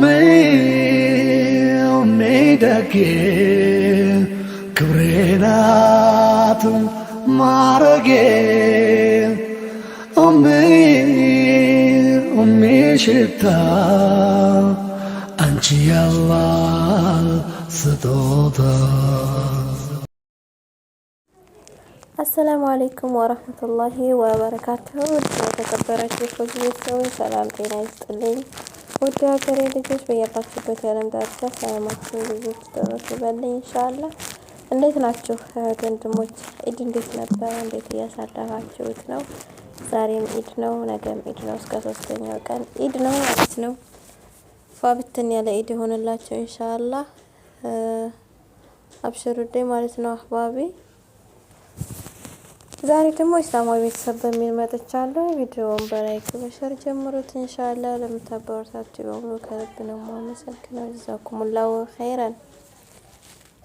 ሜሜደጌ ክብሬናት ማረጌ ሽታ አንቺ ያላል ስጦታ። አሰላሙ አሌይኩም ወረህመቱላሂ ወበረካቱሁ። ተከበራችሁ ሰዎች ሰላም ጤና ይስጥልኝ። ወደ ሀገሬ ልጆች በያላችሁበት የዓለም ዳርቻ ሰላማችሁ ልጆች ደረሱ በለኝ ኢንሻአላህ። እንዴት ናችሁ ወንድሞች? ኢድ እንዴት ነበረ? እንዴት እያሳለፋችሁት ነው? ዛሬም ኢድ ነው፣ ነገም ኢድ ነው። እስከ ሶስተኛው ቀን ኢድ ነው ማለት ነው። ፏብትን ያለ ኢድ ይሆንላችሁ ኢንሻላ አብሽሩዴ ማለት ነው አህባቢ ዛሬ ደግሞ ኢስላማዊ ቤተሰብ በሚል መጥቻለሁ። ቪዲዮውን በላይክ በሸር ጀምሩት። እንሻላ ለምታበረታችሁ በሙሉ ከልብ ነው የማመሰግነው። ጀዛኩሙላሁ ኸይረን።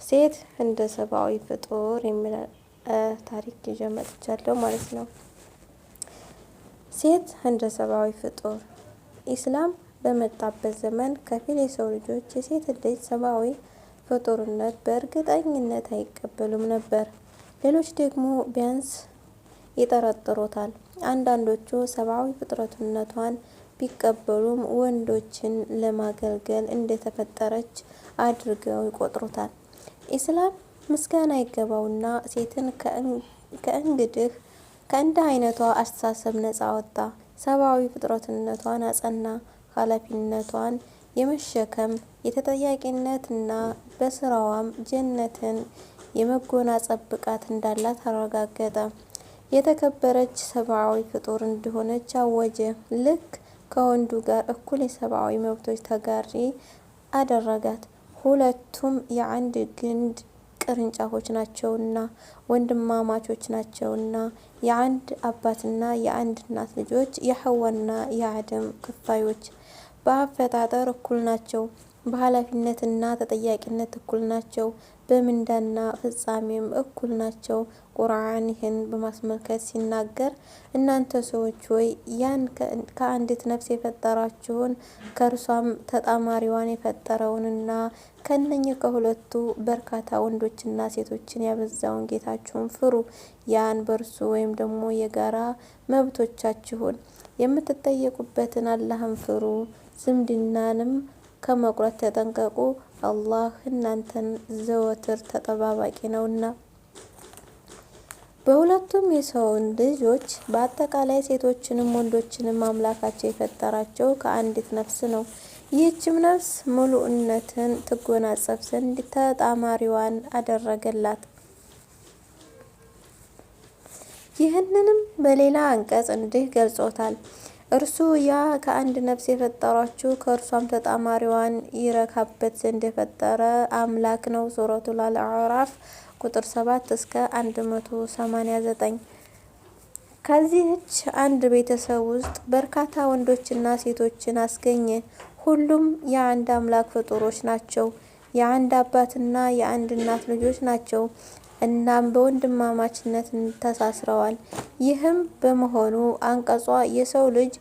ሴት እንደ ሰብአዊ ፍጡር የሚል ታሪክ ይዤ መጥቻለሁ ማለት ነው። ሴት እንደ ሰብአዊ ፍጡር ኢስላም በመጣበት ዘመን ከፊል የሰው ልጆች የሴት ልጅ ሰብአዊ ፍጡርነት በእርግጠኝነት አይቀበሉም ነበር። ሌሎች ደግሞ ቢያንስ ይጠረጥሩታል። አንዳንዶቹ ሰብአዊ ፍጥረትነቷን ቢቀበሉም ወንዶችን ለማገልገል እንደተፈጠረች አድርገው ይቆጥሩታል። ኢስላም ምስጋና ይገባውና ሴትን ከእንግዲህ ከእንደ አይነቷ አስተሳሰብ ነጻ ወጣ። ሰብአዊ ፍጥረትነቷን አጸና፣ ኃላፊነቷን የመሸከም የተጠያቂነትና በስራዋም ጀነትን የመጎናጸፍ ብቃት እንዳላት አረጋገጠ። የተከበረች ሰብአዊ ፍጡር እንደሆነች አወጀ። ልክ ከወንዱ ጋር እኩል የሰብአዊ መብቶች ተጋሪ አደረጋት። ሁለቱም የአንድ ግንድ ቅርንጫፎች ናቸውና ወንድማማቾች ናቸውና የአንድ አባትና የአንድ እናት ልጆች የሐዋና የአደም ክፋዮች በአፈጣጠር እኩል ናቸው። በኃላፊነትና ተጠያቂነት እኩል ናቸው። በምንዳና ፍጻሜም እኩል ናቸው። ቁርአን ይህን በማስመልከት ሲናገር እናንተ ሰዎች ወይ ያን ከአንዲት ነፍስ የፈጠራችሁን ከእርሷም ተጣማሪዋን የፈጠረውንና ከእነኚህ ከሁለቱ በርካታ ወንዶችና ሴቶችን ያበዛውን ጌታችሁን ፍሩ። ያን በእርሱ ወይም ደግሞ የጋራ መብቶቻችሁን የምትጠየቁበትን አላህን ፍሩ። ዝምድናንም ከመቁረጥ ተጠንቀቁ። አላህ እናንተን ዘወትር ተጠባባቂ ነውና በሁለቱም የሰውን ልጆች በአጠቃላይ ሴቶችንም ወንዶችንም አምላካቸው የፈጠራቸው ከአንዲት ነፍስ ነው። ይህችም ነፍስ ሙሉእነትን ትጎናጸፍ ዘንድ ተጣማሪዋን አደረገላት። ይህንንም በሌላ አንቀጽ እንዲህ ገልጾታል። እርሱ ያ ከአንድ ነፍስ የፈጠሯችሁ ከእርሷም ተጣማሪዋን ይረካበት ዘንድ የፈጠረ አምላክ ነው። ሱረቱል አዕራፍ ቁጥር 7 እስከ 189። ከዚህች አንድ ቤተሰብ ውስጥ በርካታ ወንዶችና ሴቶችን አስገኘ። ሁሉም የአንድ አምላክ ፍጡሮች ናቸው። የአንድ አባትና የአንድ እናት ልጆች ናቸው። እናም በወንድማማችነት ተሳስረዋል። ይህም በመሆኑ አንቀጿ የሰው ልጅ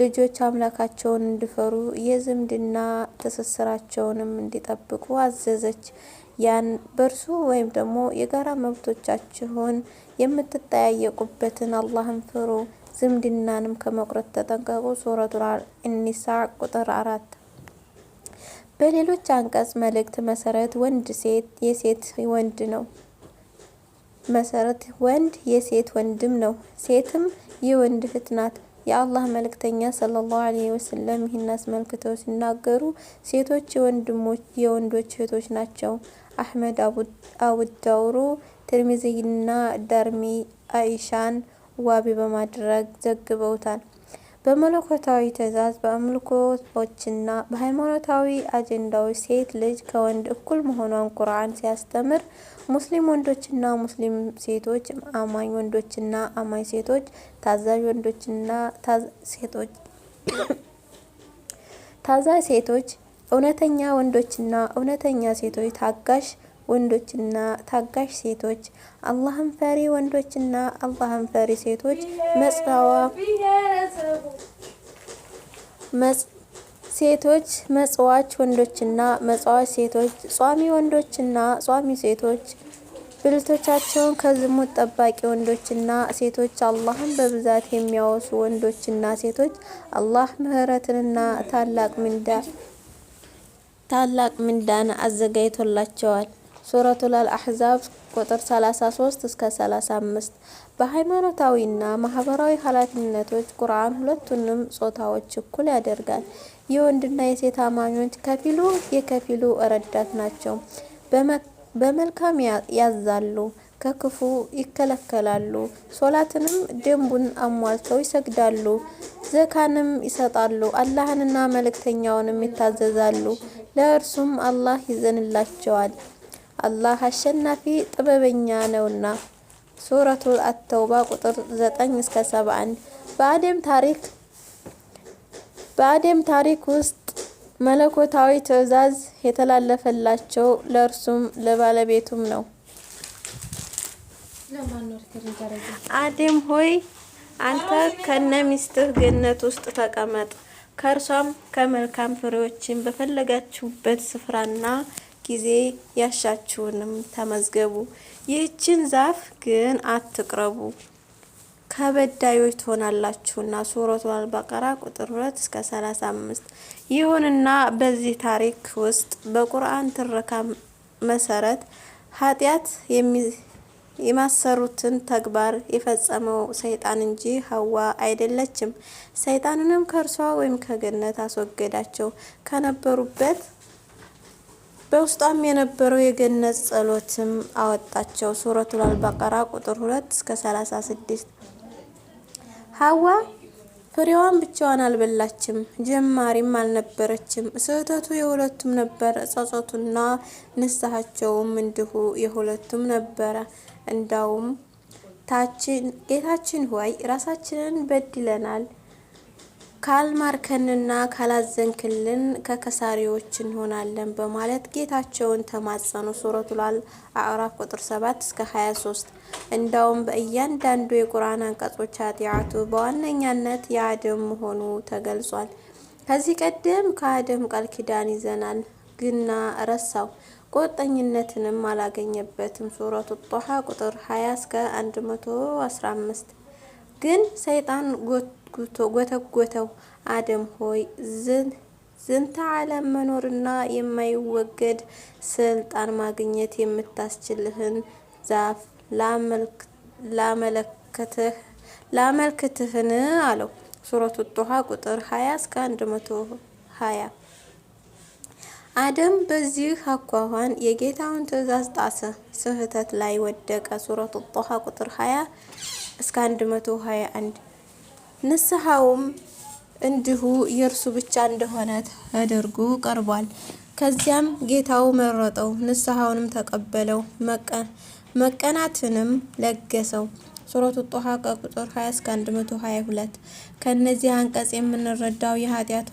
ልጆች አምላካቸውን እንዲፈሩ የዝምድና ትስስራቸውንም እንዲጠብቁ አዘዘች። ያን በእርሱ ወይም ደግሞ የጋራ መብቶቻችሁን የምትጠያየቁበትን አላህን ፍሩ፣ ዝምድናንም ከመቁረጥ ተጠንቀቁ። ሱረቱ አኒሳ ቁጥር አራት በሌሎች አንቀጽ መልእክት መሰረት ወንድ ሴት የሴት ወንድ ነው። መሰረት ወንድ የሴት ወንድም ነው፣ ሴትም የወንድ እህት ናት። የአላህ መልእክተኛ ሰለላሁ ዐለይሂ ወሰለም ይህን አስመልክተው ሲናገሩ ሴቶች የወንዶች እህቶች ናቸው። አህመድ አቡዳውሩ ትርሚዚና ዳርሚ አይሻን ዋቢ በማድረግ ዘግበውታል። በመለኮታዊ ትእዛዝ፣ በአምልኮዎችና በሃይማኖታዊ አጀንዳዎች ሴት ልጅ ከወንድ እኩል መሆኗን ቁርአን ሲያስተምር፣ ሙስሊም ወንዶችና ሙስሊም ሴቶች፣ አማኝ ወንዶችና አማኝ ሴቶች፣ ታዛዥ ወንዶችና ሴቶች፣ ታዛዥ ሴቶች፣ እውነተኛ ወንዶችና እውነተኛ ሴቶች፣ ታጋሽ ወንዶችና ታጋሽ ሴቶች፣ አላህን ፈሪ ወንዶችና አላህን ፈሪ ሴቶች ሴቶች መጽዋች ወንዶችና መጽዋች ሴቶች፣ ጿሚ ወንዶችና ጿሚ ሴቶች ብልቶቻቸውን ከዝሙት ጠባቂ ወንዶችና ሴቶች፣ አላህን በብዛት የሚያወሱ ወንዶችና ሴቶች አላህ ምህረትንና ታላቅ ምንዳ ታላቅ ምንዳን አዘጋጅቶላቸዋል። ሱረቱል አሕዛብ ቁጥር 33 እስከ 35 በሃይማኖታዊና ማህበራዊ ኃላፊነቶች ቁርአን ሁለቱንም ጾታዎች እኩል ያደርጋል። የወንድና የሴት አማኞች ከፊሉ የከፊሉ ረዳት ናቸው። በመልካም ያዛሉ፣ ከክፉ ይከለከላሉ። ሶላትንም ደንቡን አሟልተው ይሰግዳሉ፣ ዘካንም ይሰጣሉ፣ አላህንና መልእክተኛውንም ይታዘዛሉ። ለእርሱም አላህ ይዘንላቸዋል። አላህ አሸናፊ ጥበበኛ ነውና። ሱረቱ አተውባ ቁጥር 9 እስከ 71 በአደም ታሪክ በአደም ታሪክ ውስጥ መለኮታዊ ትዕዛዝ የተላለፈላቸው ለእርሱም ለባለቤቱም ነው። አደም ሆይ አንተ ከነ ሚስትህ ገነት ውስጥ ተቀመጥ፣ ከእርሷም ከመልካም ፍሬዎችን በፈለጋችሁበት ስፍራና ጊዜ ያሻችሁንም ተመዝገቡ። ይህችን ዛፍ ግን አትቅረቡ ከበዳዮች ትሆናላችሁና። ሱረቱ አልበቀራ ቁጥር ሁለት እስከ ሰላሳ አምስት ይሁንና በዚህ ታሪክ ውስጥ በቁርአን ትረካ መሰረት ኃጢአት የማሰሩትን ተግባር የፈጸመው ሰይጣን እንጂ ሀዋ አይደለችም። ሰይጣንንም ከእርሷ ወይም ከገነት አስወገዳቸው ከነበሩበት በውስጧም የነበረው የገነት ጸሎትም አወጣቸው። ሱረቱ አልበቀራ ቁጥር 2 እስከ 36። ሀዋ ፍሬዋን ብቻዋን አልበላችም፣ ጀማሪም አልነበረችም። ስህተቱ የሁለቱም ነበር፣ ጸጸቱና ንስሐቸውም እንዲሁ የሁለቱም ነበረ። እንዳውም ጌታችን ሆይ ራሳችንን በድለናል ካልማርከንና ካላዘንክልን ከከሳሪዎች እንሆናለን በማለት ጌታቸውን ተማጸኑ። ሱረቱል አዕራፍ ቁጥር 7 እስከ 23። እንዳውም በእያንዳንዱ የቁርአን አንቀጾች ኃጢአቱ በዋነኛነት የአደም መሆኑ ተገልጿል። ከዚህ ቀደም ከአደም ቃል ኪዳን ይዘናል፣ ግና ረሳው፣ ቁርጠኝነትንም አላገኘበትም። ሱረቱ ጦሃ ቁጥር 20 እስከ 115 ግን ሰይጣን ጎት ጎተጎተው። አደም ሆይ ዝን ዝንተ ዓለም መኖርና የማይወገድ ስልጣን ማግኘት የምታስችልህን ዛፍ ላመልክትህን አለው። ሱረቱ ጦሃ ቁጥር 20 እስከ 120። አደም በዚህ አኳኋን የጌታውን ትዕዛዝ ጣሰ፣ ስህተት ላይ ወደቀ። ሱረቱ ጦሃ ቁጥር 20 እስከ 121 ንስሐውም እንዲሁ የእርሱ ብቻ እንደሆነ ተደርጎ ቀርቧል። ከዚያም ጌታው መረጠው፣ ንስሐውንም ተቀበለው፣ መቀናትንም ለገሰው። ሱረቱ ጦሃ ከቁጥር 20 እስከ 122 ከነዚህ አንቀጽ የምንረዳው የኃጢአቱ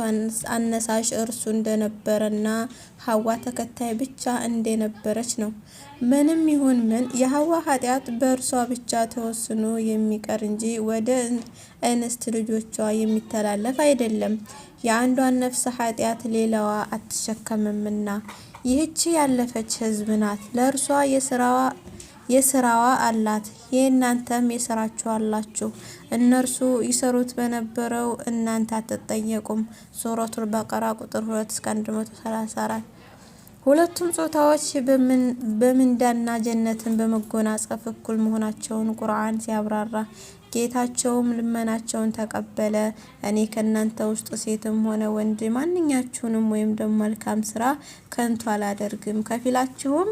አነሳሽ እርሱ እንደነበረና ሀዋ ተከታይ ብቻ እንደነበረች ነው። ምንም ይሁን ምን የሀዋ ኃጢአት በእርሷ ብቻ ተወስኖ የሚቀር እንጂ ወደ እንስት ልጆቿ የሚተላለፍ አይደለም። የአንዷን ነፍስ ኃጢአት ሌላዋ አትሸከምምና ይህቺ ያለፈች ህዝብ ናት። ለእርሷ የስራዋ የስራዋ አላት፣ የእናንተም የስራችሁ አላችሁ። እነርሱ ይሰሩት በነበረው እናንተ አትጠየቁም። ሱረቱል በቀራ ቁጥር 2 እስከ 134 ሁለቱም ጾታዎች በምንዳና ጀነትን በመጎናጸፍ እኩል መሆናቸውን ቁርአን ሲያብራራ ጌታቸውም ልመናቸውን ተቀበለ። እኔ ከእናንተ ውስጥ ሴትም ሆነ ወንድ ማንኛችሁንም ወይም ደግሞ መልካም ስራ ከንቱ አላደርግም ከፊላችሁም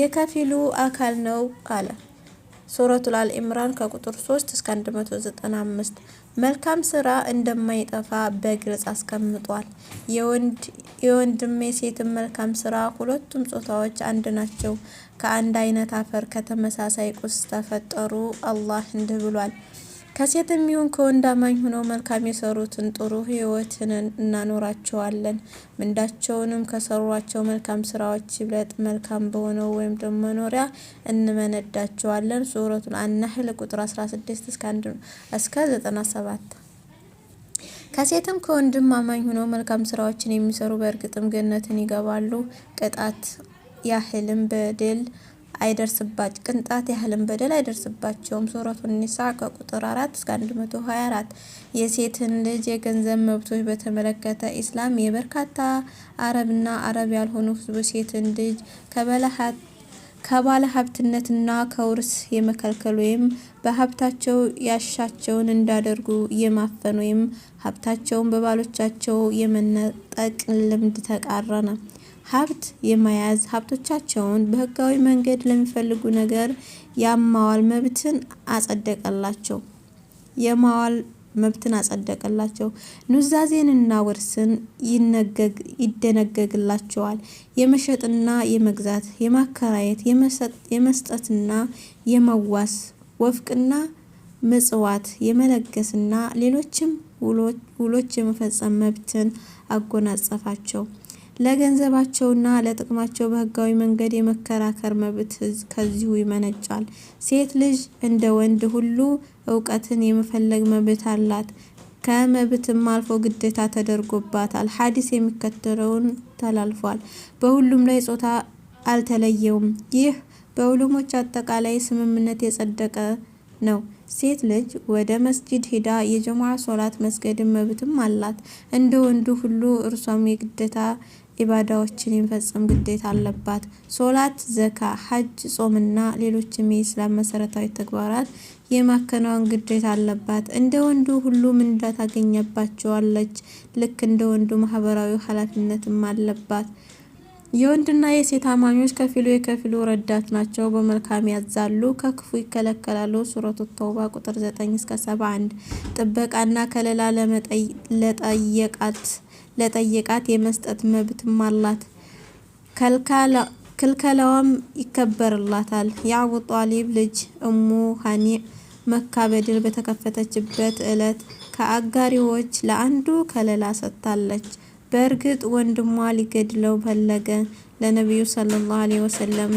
የከፊሉ አካል ነው አለ። ሱረቱል አል ኢምራን ከቁጥር 3 እስከ 195 መልካም ስራ እንደማይጠፋ በግልጽ አስቀምጧል። የወንድም የሴትም መልካም ስራ ሁለቱም ጾታዎች አንድ ናቸው። ከአንድ አይነት አፈር ከተመሳሳይ ቁስ ተፈጠሩ። አላህ እንዲህ ብሏል። ከሴት የሚሆን ከወንድ አማኝ ሆነው መልካም የሰሩትን ጥሩ ህይወትን እናኖራቸዋለን። ምንዳቸውንም ከሰሯቸው መልካም ስራዎች ይብለጥ መልካም በሆነው ወይም ደግሞ መኖሪያ እንመነዳቸዋለን። ሱረቱል አናህል ቁጥር 16 እስከ 1 እስከ 97 ከሴትም ከወንድም አማኝ ሆነው መልካም ስራዎችን የሚሰሩ በእርግጥም ገነትን ይገባሉ። ቅጣት ያህልም በደል አይደርስባቸው ቅንጣት ያህልን በደል አይደርስባቸውም። ሱረቱን ኒሳ ከቁጥር አራት እስከ አራት የሴትን ልጅ የገንዘብ መብቶች በተመለከተ ኢስላም የበርካታ አረብና አረብ ያልሆኑ ህዝቡ ሴትን ልጅ ከበላሀት ከባለ ሀብትነትና ከውርስ የመከልከል ወይም በሀብታቸው ያሻቸውን እንዳደርጉ የማፈን ወይም ሀብታቸውን በባሎቻቸው የመነጠቅ ልምድ ተቃረነ። ሀብት የመያዝ ሀብቶቻቸውን በህጋዊ መንገድ ለሚፈልጉ ነገር ያማዋል መብትን አጸደቀላቸው የማዋል መብትን አጸደቀላቸው። ኑዛዜንና ውርስን ይደነገግላቸዋል። የመሸጥና የመግዛት፣ የማከራየት፣ የመስጠትና የመዋስ፣ ወፍቅና ምጽዋት፣ የመለገስና ሌሎችም ውሎች የመፈጸም መብትን አጎናጸፋቸው። ለገንዘባቸውና ለጥቅማቸው በህጋዊ መንገድ የመከራከር መብት ከዚሁ ይመነጫል። ሴት ልጅ እንደ ወንድ ሁሉ እውቀትን የመፈለግ መብት አላት። ከመብትም አልፎ ግዴታ ተደርጎባታል። ሐዲስ የሚከተለውን ተላልፏል። በሁሉም ላይ ጾታ አልተለየውም። ይህ በዑለሞች አጠቃላይ ስምምነት የጸደቀ ነው። ሴት ልጅ ወደ መስጂድ ሂዳ የጀማዓ ሶላት መስገድን መብትም አላት። እንደ ወንዱ ሁሉ እርሷም የግዴታ ኢባዳዎችን የመፈጸም ግዴታ አለባት። ሶላት፣ ዘካ፣ ሐጅ፣ ጾምና ሌሎችም የኢስላም መሰረታዊ ተግባራት የማከናወን ግዴታ አለባት። እንደ ወንዱ ሁሉ ምንዳ ታገኘባቸዋለች። ልክ እንደ ወንዱ ማህበራዊ ኃላፊነትም አለባት። የወንድና የሴት አማኞች ከፊሉ የከፊሉ ረዳት ናቸው። በመልካም ያዛሉ፣ ከክፉ ይከለከላሉ። ሱረቱ ተውባ ቁጥር 9 እስከ 71 ጥበቃና ከለላ ለጠየቃት ለጠየቃት የመስጠት መብትም አላት። ክልከላዋም ይከበርላታል። የአቡ ጣሊብ ልጅ እሙ ሀኒዕ መካ በድል በተከፈተችበት ዕለት ከአጋሪዎች ለአንዱ ከለላ ሰጥታለች። በእርግጥ ወንድሟ ሊገድለው ፈለገ። ለነቢዩ ሰለላሁ ዐለይሂ ወሰለም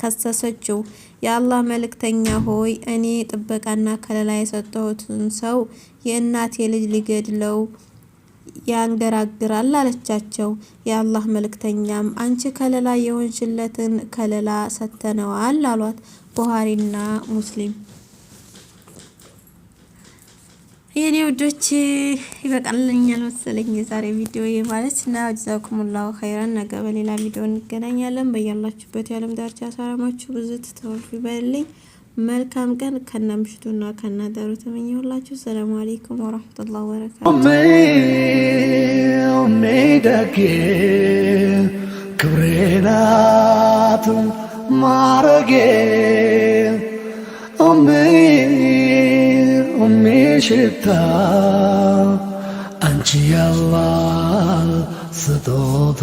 ከሰሰችው። የአላህ መልእክተኛ ሆይ እኔ ጥበቃና ከለላ የሰጠሁትን ሰው የእናቴ ልጅ ሊገድለው ያንገራግራል አለቻቸው። የአላህ መልእክተኛም አንቺ ከለላ የሆንሽለትን ከለላ ሰተነዋል አሏት። ቡሃሪና ሙስሊም። የኔ ውዶች ይበቃልኛል መሰለኝ የዛሬ ቪዲዮ ማለት ና ጀዛኩሙላሁ ኸይረን። ነገ በሌላ ቪዲዮ እንገናኛለን። በያላችሁበት የዓለም ዳርቻ ሰላማችሁ ብዙ ትተወፊ በልኝ። መልካም ቀን ከነ ምሽቱና ከነ ዳሩ ተመኘሁላችሁ። ሰላሙ አሌይኩም ወረመቱላ ወበረካቱ። ክብሬናት ማረጌ ኦሜ ሽታ አንቺ ያላ ስጦታ